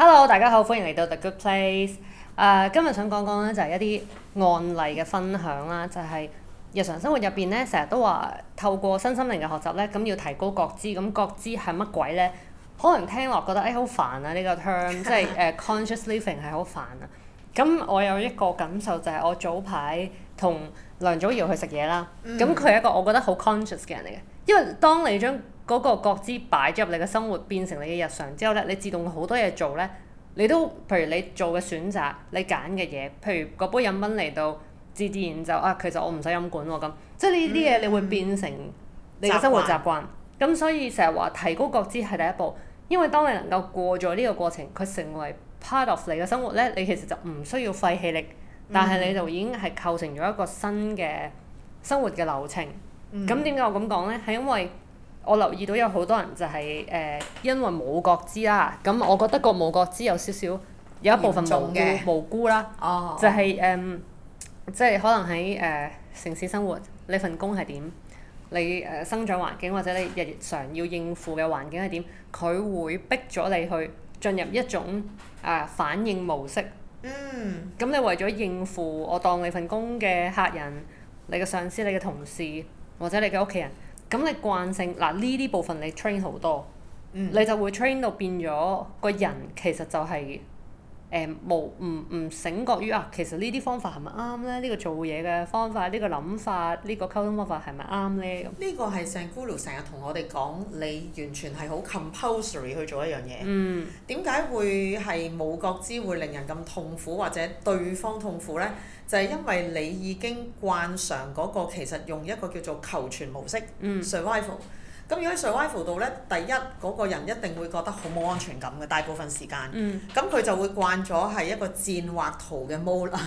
Hello，大家好，歡迎嚟到 The Good Place。誒、uh，今日想講講咧就係一啲案例嘅分享啦，就係、是、日常生活入邊咧，成日都話透過身心靈嘅學習咧，咁要提高覺知，咁覺知係乜鬼咧？可能聽落覺得誒好、哎、煩啊！呢、這個 term 即係誒 conscious living 係好煩啊。咁我有一個感受就係、是、我早排同梁祖堯去食嘢啦，咁佢係一個我覺得好 conscious 嘅人嚟嘅，因為當你將嗰個覺知擺咗入你嘅生活，變成你嘅日常之後咧，你自動好多嘢做咧，你都譬如你做嘅選擇，你揀嘅嘢，譬如個杯飲品嚟到，自自然就啊，其實我唔使飲管喎咁，即係呢啲嘢你會變成你嘅生活習慣。咁、嗯嗯、所以成日話提高覺知係第一步，因為當你能夠過咗呢個過程，佢成為 part of 你嘅生活咧，你其實就唔需要費氣力，但係你就已經係構成咗一個新嘅生活嘅流程。咁點解我咁講咧？係因為我留意到有好多人就係、是、誒、呃，因為冇覺知啦。咁我覺得個冇覺知有少少有一部分無辜無辜啦。哦、就係、是、誒，即、嗯、係、就是、可能喺誒、呃、城市生活，你份工係點？你誒、呃、生長環境或者你日常要應付嘅環境係點？佢會逼咗你去進入一種啊、呃、反應模式。嗯。咁你為咗應付我當你份工嘅客人、你嘅上司、你嘅同事或者你嘅屋企人。咁你慣性嗱，呢啲部分你 train 好多，嗯、你就會 train 到變咗個人，其實就係、是。誒冇唔唔醒覺於啊，其實呢啲方法係咪啱咧？呢個做嘢嘅方法，呢個諗法，呢個溝通方法係咪啱咧？咁呢個係成 guru 成日同我哋講，你完全係好 compulsory 去做一樣嘢。嗯。點解會係冇覺知會令人咁痛苦或者對方痛苦咧？就係因為你已經慣常嗰個其實用一個叫做求存模式。嗯。Survival。咁如果喺上 r v i v a 度咧，第一嗰、那個人一定會覺得好冇安全感嘅。大部分時間，咁佢、嗯、就會慣咗係一個戰或逃嘅模啦。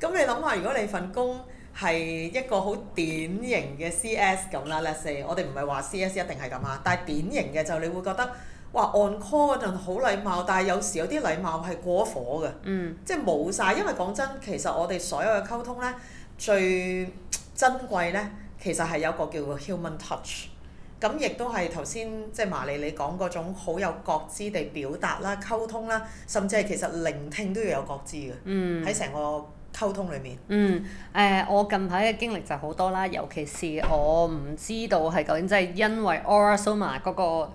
咁 你諗下，如果你份工係一個好典型嘅 C.S. 咁啦，Leslie，我哋唔係話 C.S. 一定係咁啊，但係典型嘅就你會覺得話按 call 嗰好禮貌，但係有時有啲禮貌係過火嘅，嗯、即係冇晒，因為講真，其實我哋所有嘅溝通咧，最珍貴咧，其實係有個叫做 human touch。咁亦都係頭先即係麻利，你講嗰種好有覺知地表達啦、溝通啦，甚至係其實聆聽都要有覺知嘅，喺成、嗯、個溝通裏面。嗯誒、呃，我近排嘅經歷就好多啦，尤其是我唔知道係究竟真係因為 Aura Soma 嗰個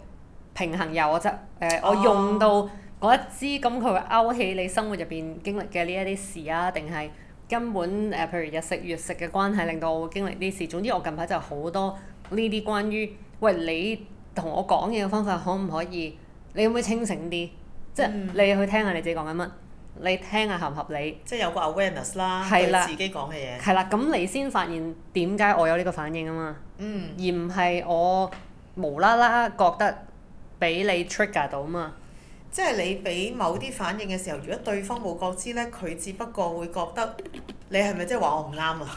平衡油，我執誒我用到嗰一支，咁佢會勾起你生活入邊經歷嘅呢一啲事啊，定係根本誒、呃、譬如日食月食嘅關係，令到我會經歷啲事。總之我近排就好多呢啲關於。喂，你同我講嘢嘅方法可唔可以？你可唔可以清醒啲？即係你去聽下你自己講緊乜？你聽下合唔合理？即係有個 awareness 啦，係啦，對自己講嘅嘢。係啦，咁你先發現點解我有呢個反應啊嘛？嗯。而唔係我無啦啦覺得俾你 trigger 到啊嘛？即係你俾某啲反應嘅時候，如果對方冇覺知呢，佢只不過會覺得你係咪即係話我唔啱啊？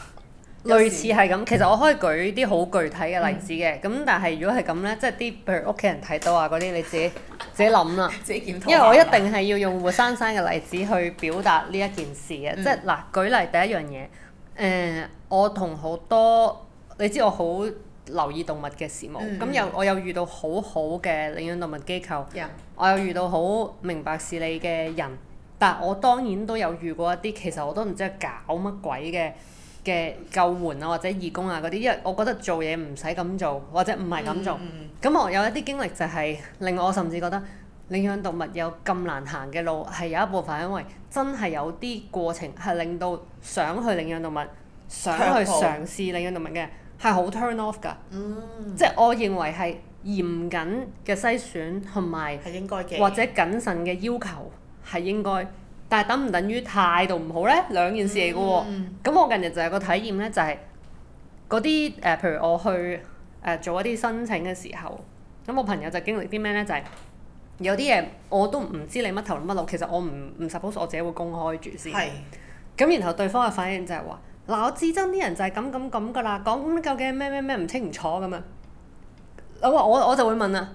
類似係咁，其實我可以舉啲好具體嘅例子嘅，咁、嗯、但係如果係咁呢，即係啲譬如屋企人睇到啊嗰啲，你自己 自己諗啦。 因為我一定係要用活生生嘅例子去表達呢一件事嘅，嗯、即係嗱，舉例第一樣嘢，誒、呃，我同好多你知我好留意動物嘅事務，咁、嗯、又我有遇到好好嘅領養動物機構，嗯、我有遇到好明白事理嘅人，但我當然都有遇過一啲其實我都唔知係搞乜鬼嘅嘅救援啊，或者義工啊嗰啲，因為我覺得做嘢唔使咁做，或者唔係咁做。咁、嗯嗯、我有一啲經歷就係令我甚至覺得領養動物有咁難行嘅路，係有一部分因為真係有啲過程係令到想去領養動物、想去嘗試領養動物嘅係好 turn off 㗎。嗯、即係我認為係嚴謹嘅篩選同埋，或者謹慎嘅要求係應該。但係等唔等於態度唔好咧？兩件事嚟嘅喎。咁、嗯、我近日就有個體驗咧，就係嗰啲誒，譬如我去誒、呃、做一啲申請嘅時候，咁我朋友就經歷啲咩咧？就係、是、有啲嘢我都唔知你乜頭乜路，其實我唔唔 suppose 我自己會公開住先。咁是然後對方嘅反應就係話：嗱、呃，我至憎啲人就係咁咁咁㗎啦，講咁究竟咩咩咩唔清唔楚咁樣！我我我就會問啦，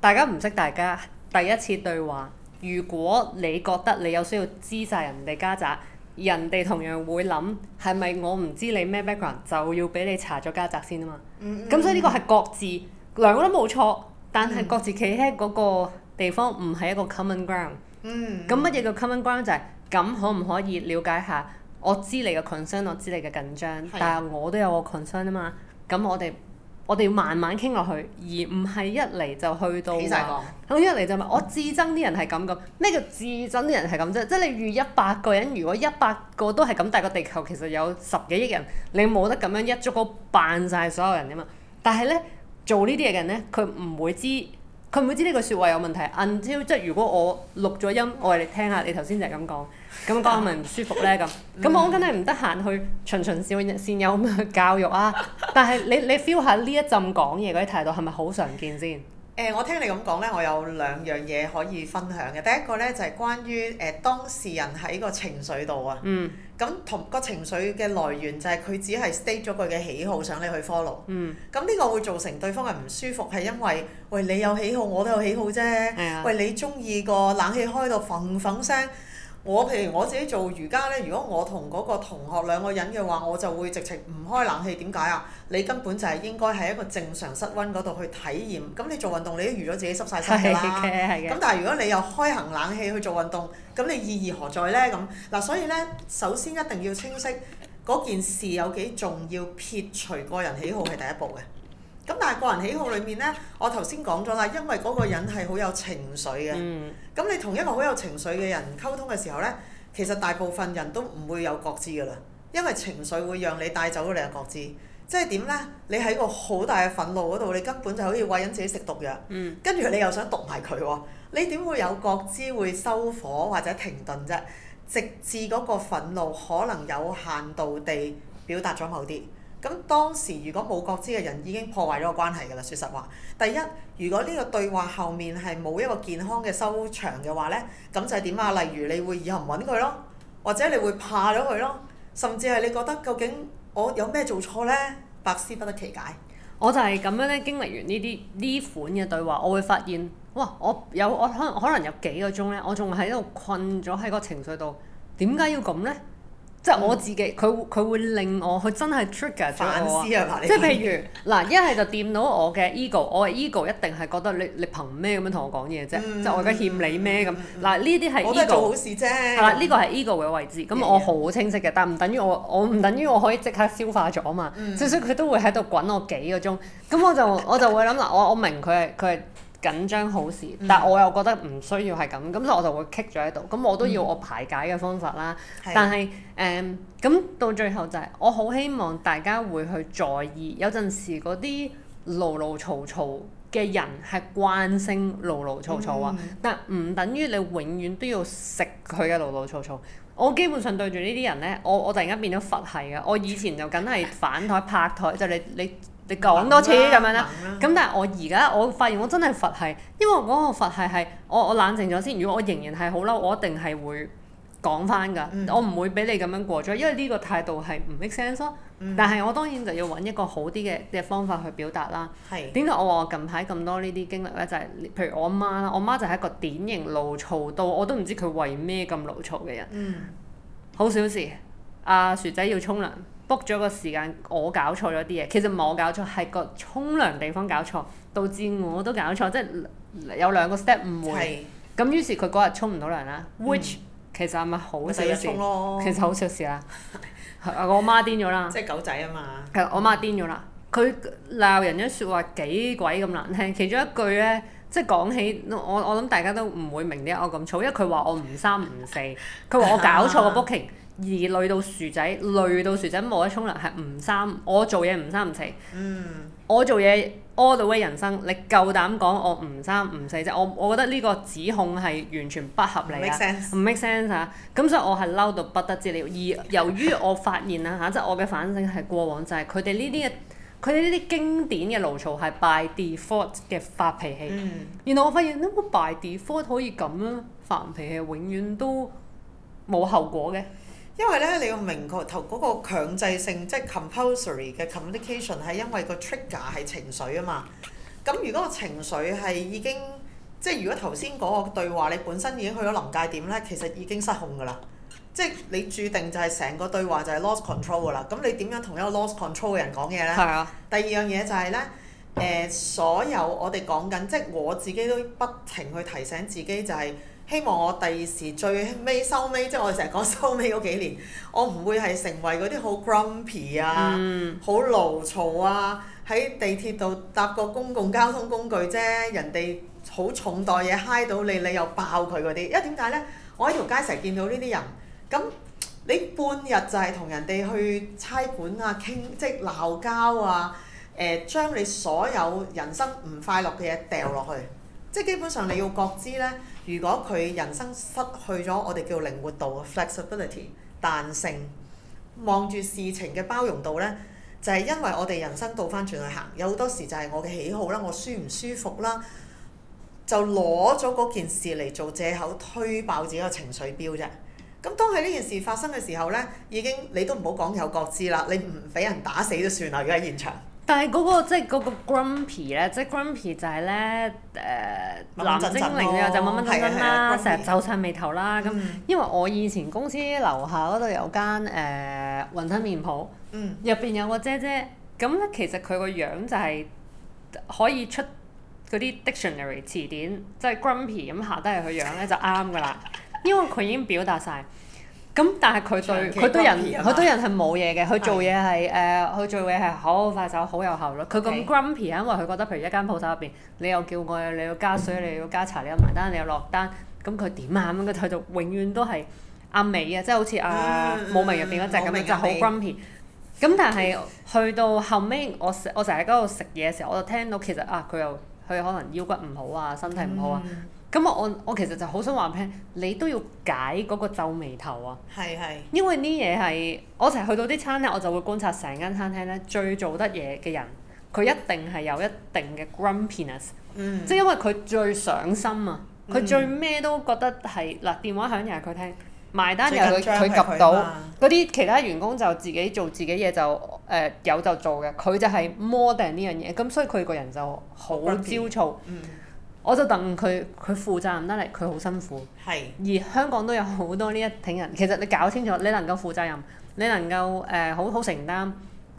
大家唔識大家，第一次對話。如果你覺得你有需要知晒人哋家宅，人哋同樣會諗係咪我唔知你咩 background 就要俾你查咗家宅先啊嘛？咁、mm hmm. 所以呢個係各自兩個都冇錯，但係各自企喺嗰個地方唔係一個 common ground。咁乜嘢叫 common ground 就係、是、咁可唔可以了解下？我知你嘅 concern，我知你嘅緊張，mm hmm. 但係我都有個 concern 啊嘛。咁我哋。我哋要慢慢傾落去，而唔係一嚟就去到起咁一嚟就問、哦、我至憎啲人係咁咁，咩叫至憎啲人係咁啫？即係你預一百個人，如果一百個都係咁，但係個地球其實有十幾億人，你冇得咁樣一足個扮晒所有人噶嘛？但係咧，做呢啲嘢嘅人咧，佢唔會知，佢唔會知呢個説話有問題。Until，即係如果我錄咗音，我哋你聽下，你頭先就係咁講。咁關阿明唔舒服咧咁，咁 我梗係唔得閒去循循善善誘咁去教育啊！ 但係你你 feel 下呢一陣講嘢嗰啲態度係咪好常見先？誒、呃，我聽你咁講咧，我有兩樣嘢可以分享嘅。第一個咧就係、是、關於誒、呃、當事人喺個情緒度啊。嗯。咁同個情緒嘅來源就係佢只係 state 咗佢嘅喜好，想你去 follow。嗯。咁呢個會造成對方係唔舒服，係因為喂你有喜好，我都有喜好啫。嗯、喂，你中意個冷氣開到嘭嘭聲。我譬如我自己做瑜伽咧，如果我同嗰個同學兩個人嘅話，我就會直情唔開冷氣。點解啊？你根本就係應該喺一個正常室溫嗰度去體驗。咁你做運動，你都預咗自己濕晒身㗎啦。係嘅，咁但係如果你又開行冷氣去做運動，咁你意義何在呢？咁嗱，啊，所以呢，首先一定要清晰嗰件事有幾重要，撇除個人喜好係第一步嘅。咁但係個人喜好裏面咧，我頭先講咗啦，因為嗰個人係好有情緒嘅。咁、嗯、你同一個好有情緒嘅人溝通嘅時候咧，其實大部分人都唔會有覺知噶啦，因為情緒會讓你帶走你嘅覺知。即係點咧？你喺個好大嘅憤怒嗰度，你根本就可以餵緊自己食毒藥。跟住、嗯、你又想毒埋佢喎，你點會有覺知會收火或者停頓啫？直至嗰個憤怒可能有限度地表達咗某啲。咁當時如果冇覺知嘅人已經破壞咗個關係㗎啦，說實話。第一，如果呢個對話後面係冇一個健康嘅收場嘅話咧，咁就係點啊？例如你會以後唔搵佢咯，或者你會怕咗佢咯，甚至係你覺得究竟我有咩做錯咧？百思不得其解。我就係咁樣咧，經歷完呢啲呢款嘅對話，我會發現，哇！我有我可能可能有幾個鐘咧，我仲喺度困咗喺個情緒度，點解要咁咧？即係我自己，佢佢會令我，佢真係 trigger 咗我。反思啊，嗱呢啲。即係譬如嗱，一係就掂到我嘅 ego，我嘅 ego 一定係覺得你你憑咩咁樣同我講嘢啫？即係我而家欠你咩咁？嗱，呢啲係我都係做好事啫。係啦，呢個係 ego 嘅位置，咁我好清晰嘅，但唔等於我我唔等於我可以即刻消化咗啊嘛。即係所以佢都會喺度滾我幾個鐘，咁我就我就會諗嗱，我我明佢係佢係。緊張好事，嗯、但我又覺得唔需要係咁，咁所以我就會棘咗喺度。咁我都要我排解嘅方法啦。但係誒，咁到最後就係、是、我好希望大家會去在意。有陣時嗰啲嘮嘮嘈嘈嘅人係慣性嘮嘮嘈嘈啊，嗯、但唔等於你永遠都要食佢嘅嘮嘮嘈嘈。我基本上對住呢啲人咧，我我突然間變咗佛系㗎。我以前就梗係反台拍台，就你你。你講多次咁樣啦，咁但係我而家我發現我真係佛系，因為我個佛系係我我冷靜咗先。如果我仍然係好嬲，我一定係會講翻噶，嗯、我唔會俾你咁樣過咗，因為呢個態度係唔 make sense。但係我當然就要揾一個好啲嘅嘅方法去表達啦。點解、嗯、我話我近排咁多呢啲經歷呢？就係、是、譬如我媽啦，我媽就係一個典型怒躁到我都唔知佢為咩咁怒躁嘅人。嗯、好小事，阿、啊、薯仔要沖涼。book 咗個時間，我搞錯咗啲嘢。其實唔係我搞錯，係個沖涼地方搞錯，導致我都搞錯，即係有兩個 step 誤會。咁是於是佢嗰日沖唔到涼啦。Which、嗯、其實係咪好小事？其實好小事啦。 我媽癲咗啦。即係狗仔啊嘛。係 我媽癲咗啦。佢鬧人啲説話幾鬼咁難聽，其中一句咧，即係講起我我諗大家都唔會明點解我咁燥，因為佢話我唔三唔四，佢話我，我搞錯個 booking。 而累到薯仔，累到薯仔冇得沖涼，係唔三我做嘢唔三唔四。嗯。我做嘢屙到嘅人生，你夠膽講我唔三唔四啫？即我我覺得呢個指控係完全不合理，唔 make sense 嚇、啊，咁所以我係嬲到不得之了。而由於我發現啦嚇，即係、 啊就係、我嘅反省係過往就係佢哋呢啲嘅，佢哋呢啲經典嘅牢嘈係 by default 嘅發脾氣。嗯、原來我發現呢個、嗯、by default 可以咁樣，發脾氣永遠都冇後果嘅。因為咧，你要明確頭嗰個強制性，即係 compulsory 嘅 communication 係因為個 trigger 係情緒啊嘛。咁如果個情緒係已經，即係如果頭先嗰個對話你本身已經去咗臨界點咧，其實已經失控㗎啦。即係你注定就係成個對話就係 lost control 㗎啦。咁你點樣同一個 lost control 嘅人講嘢咧？係啊。第二樣嘢就係咧，誒，所有我哋講緊，即係我自己都不停去提醒自己就係。希望我第二時最尾收尾，即係我成日講收尾嗰幾年，我唔會係成為嗰啲好 grumpy 啊、好勞嘈啊，喺地鐵度搭個公共交通工具啫，人哋好重袋嘢嗨到你，你又爆佢嗰啲。因為點解呢？我喺條街成日見到呢啲人，咁你半日就係同人哋去差館啊、傾即係鬧交啊、誒、呃、將你所有人生唔快樂嘅嘢掉落去，即係基本上你要覺知呢。如果佢人生失去咗我哋叫靈活度啊，flexibility 彈性，望住事情嘅包容度呢，就係因為我哋人生倒翻轉去行，有好多時就係我嘅喜好啦，我舒唔舒服啦，就攞咗嗰件事嚟做借口推爆自己個情緒標啫。咁當喺呢件事發生嘅時候呢，已經你都唔好講有覺知啦，你唔俾人打死都算啦，而家喺現場。但係嗰，那個即係嗰個 grumpy 咧 gr、就是，即係 grumpy 就係咧誒藍精靈啊，就乜乜噉樣啦，成日皺曬眉頭啦咁。嗯、因為我以前公司樓下嗰度有間誒、呃、雲吞麵店、嗯、麵鋪，入邊有個姐姐，咁其實佢個樣就係可以出嗰啲 dictionary 詞典，即、就、係、是、grumpy 咁下低嚟佢樣咧就啱噶啦， 因為佢已經表達晒。咁但係佢對佢對人佢對人係冇嘢嘅，佢做嘢係誒，佢做嘢係好快手、好有效率。佢咁 grumpy，因為佢覺得，譬如一間鋪頭入邊，你又叫我，你要加水，你要加茶，你要埋單，你要落單，咁佢點啊？咁佢就永遠都係阿美啊，即係好似阿冇名入邊嗰隻咁樣，就好 grumpy。咁但係去到後尾，我食我成日喺嗰度食嘢嘅時候，我就聽到其實啊，佢又佢可能腰骨唔好啊，身體唔好啊。咁我我其實就好想話俾你聽，你都要解嗰個皺眉頭啊！係係。因為呢嘢係我成日去到啲餐廳，我就會觀察成間餐廳咧最做得嘢嘅人，佢一定係有一定嘅 grumpiness。嗯、即係因為佢最上心啊！佢、嗯、最咩都覺得係，嗱，電話響又係佢聽，埋單又佢佢 𥁤 到。嗰啲其他員工就自己做自己嘢就誒、呃、有就做嘅，佢就係 model 呢樣嘢，咁所以佢個人就好焦躁。嗯嗯我就等佢，佢負責任得嚟，佢好辛苦。係是。而香港都有好多呢一挺人，其實你搞清楚，你能夠負責任，你能夠誒、呃、好好承擔，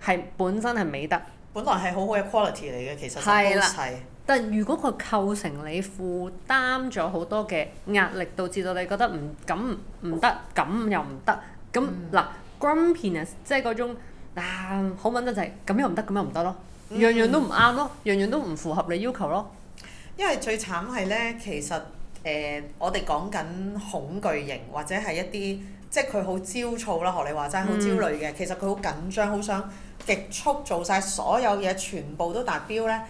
係本身係美德。本來係好好嘅 quality 嚟嘅，其實。係啦的。但係如果佢構成你負擔咗好多嘅壓力，導致到你覺得唔咁唔得，咁又唔得，咁嗱 grumpy 啊，即係嗰種啊好揾得滯咁又唔得，咁又唔得咯，樣、嗯、樣都唔啱咯，樣樣都唔符合你，合你，你要求咯。因為最慘係咧，其實誒、呃、我哋講緊恐懼型或者係一啲即係佢好焦躁啦，學你話齋好焦慮嘅。其實佢好緊張，好想極速做晒所有嘢，全部都達標咧。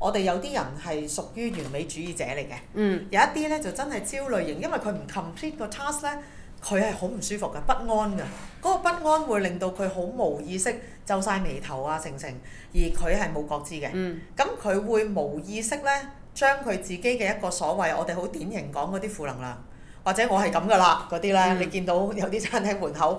我哋有啲人係屬於完美主義者嚟嘅，嗯、有一啲咧就真係焦慮型，因為佢唔 complete 個 task 咧，佢係好唔舒服嘅，不安㗎。嗰、嗰個不安會令到佢好冇意識皺晒眉頭啊，成成而佢係冇覺知嘅。咁佢、嗯、會冇意識咧。將佢自己嘅一個所謂，我哋好典型講嗰啲負能量，或者我係咁㗎喇嗰啲咧，呢嗯、你見到有啲餐廳門口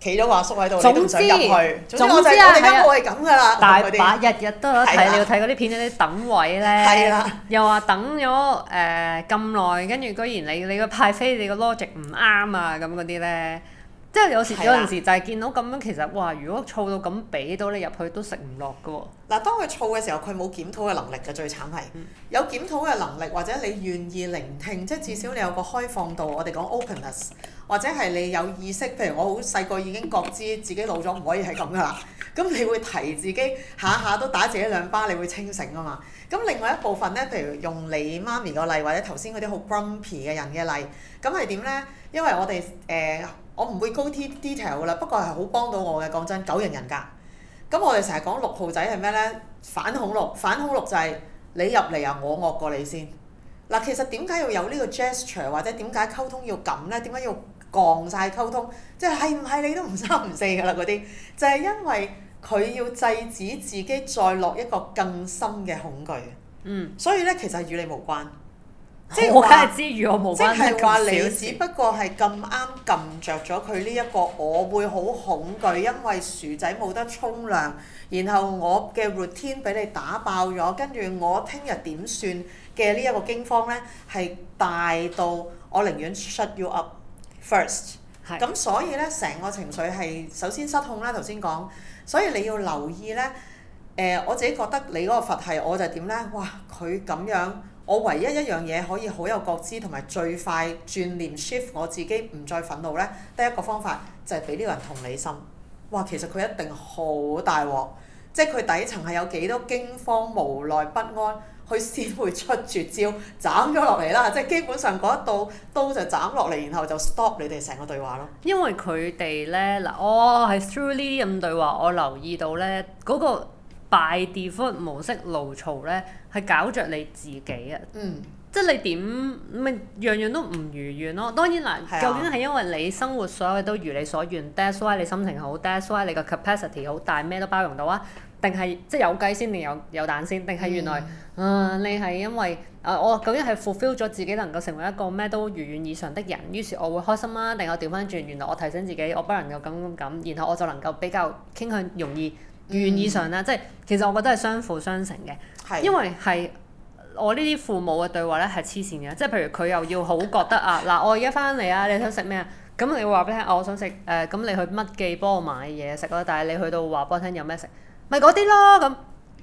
企咗個叔喺度，之你都唔想入去。總之，總之我哋、就是、的今日係咁㗎喇，的些大把日日都有睇料睇嗰啲片嗰啲等位咧，是的 又話等咗誒咁耐，跟、呃、住居然你你個派飛你個 logic 唔啱啊，咁嗰啲咧。那即係有時有陣時就係見到咁樣，的其實哇！如果躁到咁俾到你入去都食唔落㗎喎。嗱，當佢躁嘅時候，佢冇檢討嘅能力嘅，最慘係、嗯、有檢討嘅能力，或者你願意聆聽，即係至少你有個開放度。我哋講 openness，或者係你有意識，譬如我好細個已經覺知自己老咗唔可以係咁㗎啦。咁你會提自己下下都打自己兩巴，你會清醒啊嘛。咁另外一部分咧，譬如用你媽咪個例，或者頭先嗰啲好 grumpy 嘅人嘅例，咁係點咧？因為我哋誒。呃我唔會高鐵 detail 噶啦，不過係好幫到我嘅。講真，九型人，人格。咁我哋成日講六號仔係咩咧？反恐六，反恐六就係、是、你入嚟啊，我惡過你先。嗱、啊，其實點解要有呢個 gesture，或者點解溝通要咁咧？點解要降晒溝通？即係係唔係你都唔三唔四㗎啦嗰啲？就係、是、因為佢要制止自己再落一個更深嘅恐懼。嗯。所以咧，其實係與你無關。即係我梗係知我關之餘，我冇關即係話你只不過係咁啱撳着咗佢呢一個，我會好恐懼，因為薯仔冇得沖涼，然後我嘅 routine 俾你打爆咗，跟住我聽日點算嘅呢一個驚慌呢，係大到我寧願 shut you up first。咁是所以呢，成個情緒係首先失控啦。頭先講，所以你要留意呢，誒、呃，我自己覺得你嗰個佛系我就點呢？哇！佢咁樣。我唯一一樣嘢可以好有覺知同埋最快轉念 shift 我自己唔再憤怒呢，第一個方法就係俾呢個人同理心。哇，其實佢一定好大鑊，即係佢底層係有幾多驚慌、無奈、不安，佢先會出絕招斬咗落嚟啦。即係基本上嗰一道刀就斬落嚟，然後就 stop 你哋成個對話咯。因為佢哋呢，嗱，我係 through 呢啲咁對話，我留意到呢嗰、嗰個 by default 模式勞嘈呢。係搞着你自己啊！嗯、即係你點咪樣、就是、樣樣都唔如願咯？當然嗱，啊、究竟係因為你生活所有嘢都如你所願 that's why 你心情好，that's why 你個 capacity 好大，咩都包容到啊？定係即係有雞先定有有蛋先？定係原來、嗯、啊，你係因為啊，我究竟係 fulfill 咗自己能夠成為一個咩都如願以償的人，於是我會開心啊？定係我調翻轉，原來我提醒自己，我不能夠咁咁，然後我就能夠比較傾向容易。原意上咧，即係其實我覺得係相輔相成嘅，的因為係我呢啲父母嘅對話咧係黐線嘅，即係譬如佢又要好覺得 啊，嗱我而家翻嚟啊，你想食咩啊？咁你會話俾佢聽，我想食誒，咁、呃、你去乜記幫我買嘢食啦。但係你去到話俾我聽有咩食，咪嗰啲咯，咁，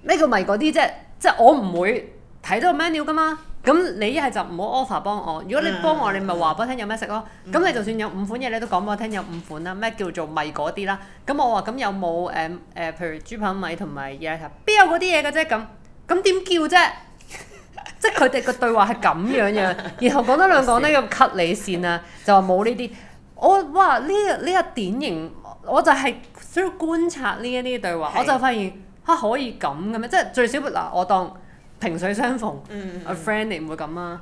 呢個咪嗰啲啫，即係我唔會睇到個 menu 噶嘛。咁你一係就唔好 offer 幫我，如果你幫我，你咪話俾我聽有咩食咯。咁你就算有五款嘢，你都講俾我聽有五款啦。咩叫做米嗰啲啦？咁我話咁有冇誒誒，譬如豬扒米同埋椰撻，邊有嗰啲嘢嘅啫？咁咁點叫啫？即係佢哋個對話係咁樣樣，然後講多兩講呢，咁 cut 你線啦，就話冇呢啲。我哇！呢呢個典型，我就係需要 r 觀察呢一啲對話，我就發現嚇可以咁嘅咩？即係最少嗱，我當。萍水相逢、嗯、，friend 你唔會咁啊，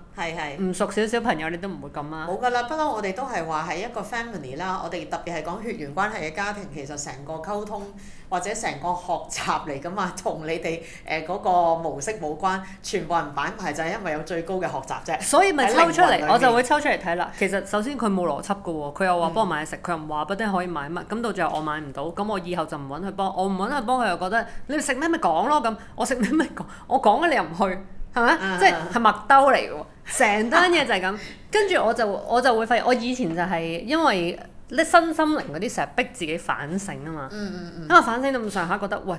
唔是熟少少朋友你都唔會咁啊。冇㗎啦，不過我哋都係話係一個 family 啦。我哋特別係講血緣關係嘅家庭，其實成個溝通或者成個學習嚟㗎嘛，同你哋誒嗰個模式冇關。全部人擺埋就係、是、因為有最高嘅學習啫。所以咪抽出嚟，我就會抽出嚟睇啦。其實首先佢冇邏輯㗎喎，佢又話幫我買嘢食，佢、嗯、又唔話不定可以買乜。咁到最後我買唔到，咁我以後就唔揾佢幫。我唔揾佢幫，佢又覺得你食咩咪講咯咁。我食咩咪講，我講咧你又～唔去，係嘛？即係係麥兜嚟嘅喎，成單嘢就係咁。跟住我就我就會發現，我以前就係因為咧身心靈嗰啲成日逼自己反省啊嘛。嗯嗯嗯，因為反省到咁上下，覺得喂。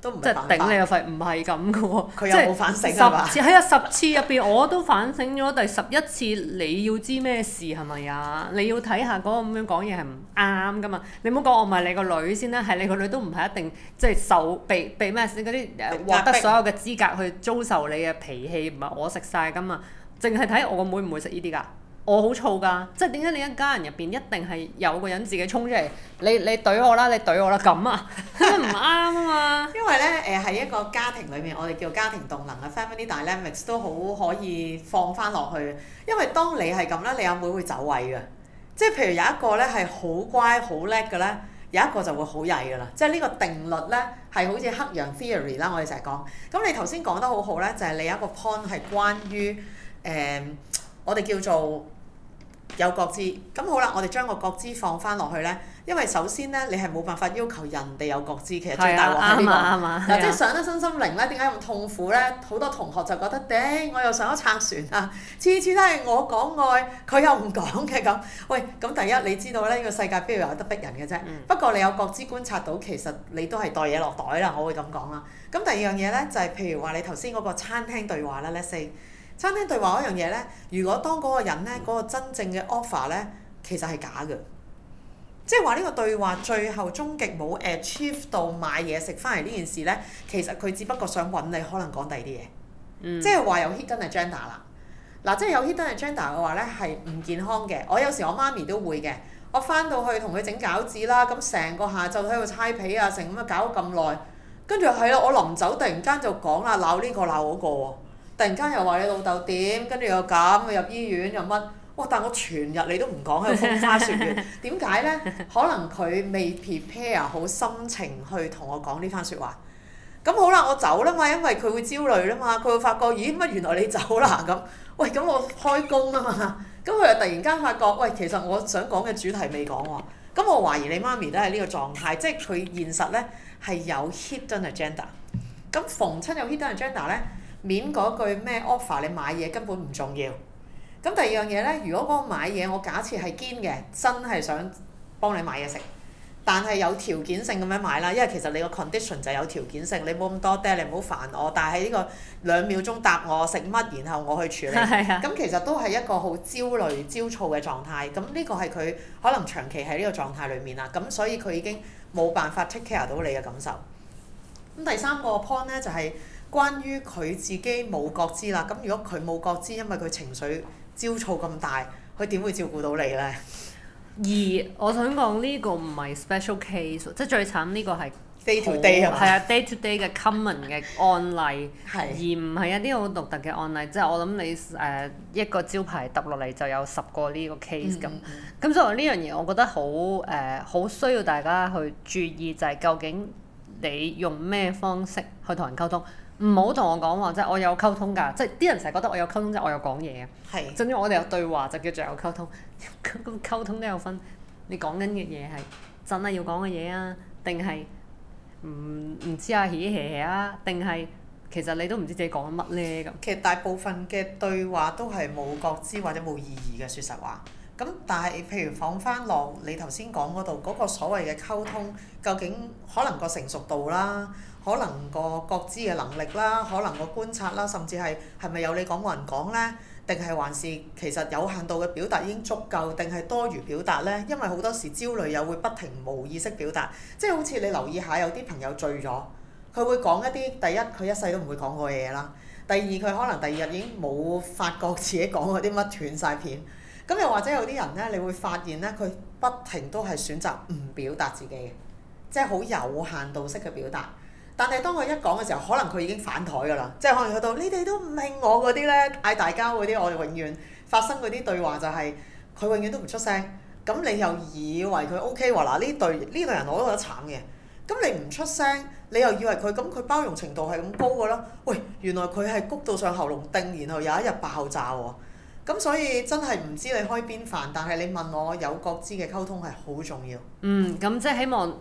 都即係頂你個肺，唔係咁嘅喎，即係是佢有冇反省十次喺 啊十次入邊我都反省咗，第十一次你要知咩事係咪啊？你要睇下嗰個咁樣講嘢係唔啱㗎嘛？你唔好講我唔係你個女先啦，啊，係你個女都唔係一定即係受被被咩？嗰啲獲得所有嘅資格去遭受你嘅脾氣唔係我食晒㗎嘛？淨係睇我個妹唔會食呢啲㗎。我好燥㗎，即係點解你一家人入邊一定係有個人自己衝出嚟？你你懟我啦，你懟我啦咁啊，唔啱啊嘛！因為咧，誒喺一個家庭裏面，我哋叫家庭動能啊，family dynamics 都好可以放翻落去。因為當你係咁咧，你阿妹會走位㗎。即係譬如有一個咧係好乖好叻嘅咧，有一個就會好曳㗎啦。即係呢個定律咧係好似黑羊 theory 啦，我哋成日講。咁你頭先講得好好咧，就係你有一個 point 係關於誒、嗯、我哋叫做。有覺知，咁好啦，我哋將個覺知放翻落去呢。因為首先呢，你係冇辦法要求人哋有覺知，其實最大鑊係呢個。即係上得身心靈呢，點解咁痛苦呢？好多同學就覺得，頂、呃、我又上咗賊船啊，次次都係我講愛，佢又唔講嘅咁。喂，咁第一，你知道咧，呢、這個世界邊度有得逼人嘅啫？嗯、不過你有覺知觀察到，其實你都係袋嘢落袋啦，我會咁講啦。咁第二樣嘢呢，就係、是、譬如話你頭先嗰個餐廳對話啦 l e 餐廳對話嗰樣嘢咧，如果當嗰個人咧嗰個真正嘅 offer 咧，其實係假嘅。即係話呢個對話最後終極冇 achieve 到買嘢食翻嚟呢件事咧，其實佢只不過想揾你，可能講第二啲嘢。即係話有 hidden agenda 啦。嗱，即係有 hidden agenda 嘅話咧，係唔健康嘅。我有時我媽咪都會嘅，我翻到去同佢整餃子啦，咁成個下晝喺度猜皮啊成咁啊搞咗咁耐，跟住係啦，我臨走突然間就講啦，鬧呢個鬧嗰個喎。突然間又話你老豆點，跟住又咁入醫院又乜哇！但我全日你都唔講喺度風花雪月。點解呢？可能佢未 prepare 好心情去同我講呢番説話。咁好啦，我走啦嘛，因為佢會焦慮啦嘛，佢會發覺咦乜原來你走啦咁。喂，咁我開工啊嘛，咁佢又突然間發覺，喂，其實我想講嘅主題未講喎。咁我懷疑你媽咪都係呢個狀態，即係佢現實呢係有 hidden agenda。咁逢親有 hidden agenda 呢。面嗰句咩 offer 你買嘢根本唔重要。咁第二樣嘢咧，如果嗰個買嘢我假設係堅嘅，真係想幫你買嘢食，但係有條件性咁樣買啦，因為其實你個 condition 就有條件性，你冇咁多爹，你唔好煩我。但係呢個兩秒鐘答我食乜，然後我去處理。咁的其實都係一個好焦慮焦躁嘅狀態。咁呢個係佢可能長期喺呢個狀態裡面啦。咁所以佢已經冇辦法 take care 到你嘅感受。咁第三個 point 咧就係、是。關於佢自己冇覺知啦，咁如果佢冇覺知，因為佢情緒焦躁咁大，佢點會照顧到你呢？而我想講呢個唔係 special case，即係最慘呢個係 day to day 係咪？係啊，day to day 嘅 common 嘅案例， 是而唔係一啲好獨特嘅案例。即係我諗你誒一個招牌揼落嚟就有十個呢個 case 咁、嗯。咁所以呢樣嘢我覺得好誒，好需要大家去注意，就係究竟你用咩方式去同人溝通？唔好同我講話，即係我有溝通㗎，即係啲人成日覺得我有溝通，即係我有講嘢啊。係。正因我哋有對話就叫做有溝通， 溝通都有分你。你講緊嘅嘢係真係要講嘅嘢啊，定係唔唔知啊，嘻嘻啊，定係其實你都唔知自己講緊乜呢？咁。其實大部分嘅對話都係冇覺知或者冇意義嘅，說實話。咁但係，譬如放翻落你頭先講嗰度，嗰個所謂嘅溝通，究竟可能個成熟度啦，可能個覺知嘅能力啦，可能個觀察啦，甚至係係咪有你講冇人講咧？定係還是其實有限度嘅表達已經足夠，定係多餘表達咧？因為好多時焦慮又會不停無意識表達，即係好似你留意下有啲朋友醉咗，佢會講一啲第一佢一世都唔會講過嘅嘢啦。第二佢可能第二日已經冇發覺自己講過啲乜斷晒片。咁又或者有啲人咧，你會發現咧，佢不停都係選擇唔表達自己嘅，即係好有限度式嘅表達。但係當佢一講嘅時候，可能佢已經反台㗎啦，即係可能去到你哋都唔明我嗰啲咧，嗌大交嗰啲，我哋永遠發生嗰啲對話就係、是、佢永遠都唔出聲。咁你又以為佢 OK 喎？嗱呢對呢對人我都覺得慘嘅。咁你唔出聲，你又以為佢咁佢包容程度係咁高㗎啦？喂，原來佢係谷到上喉嚨頂，然後有一日爆炸喎。咁所以真係唔知你開邊飯，但係你問我有覺知嘅溝通係好重要。嗯，咁即係希望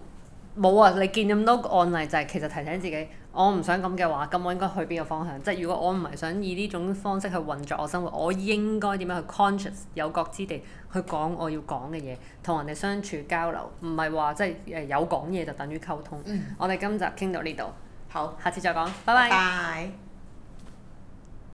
冇啊！你見咁多案例就係、是、其實提醒自己，我唔想咁嘅話，咁我應該去邊個方向？即係如果我唔係想以呢種方式去運作我生活，我應該點樣去 conscious 有覺知地去講我要講嘅嘢，同人哋相處交流，唔係話即係誒有講嘢就等於溝通。嗯，我哋今集傾到呢度，好，下次再講，拜拜。拜拜。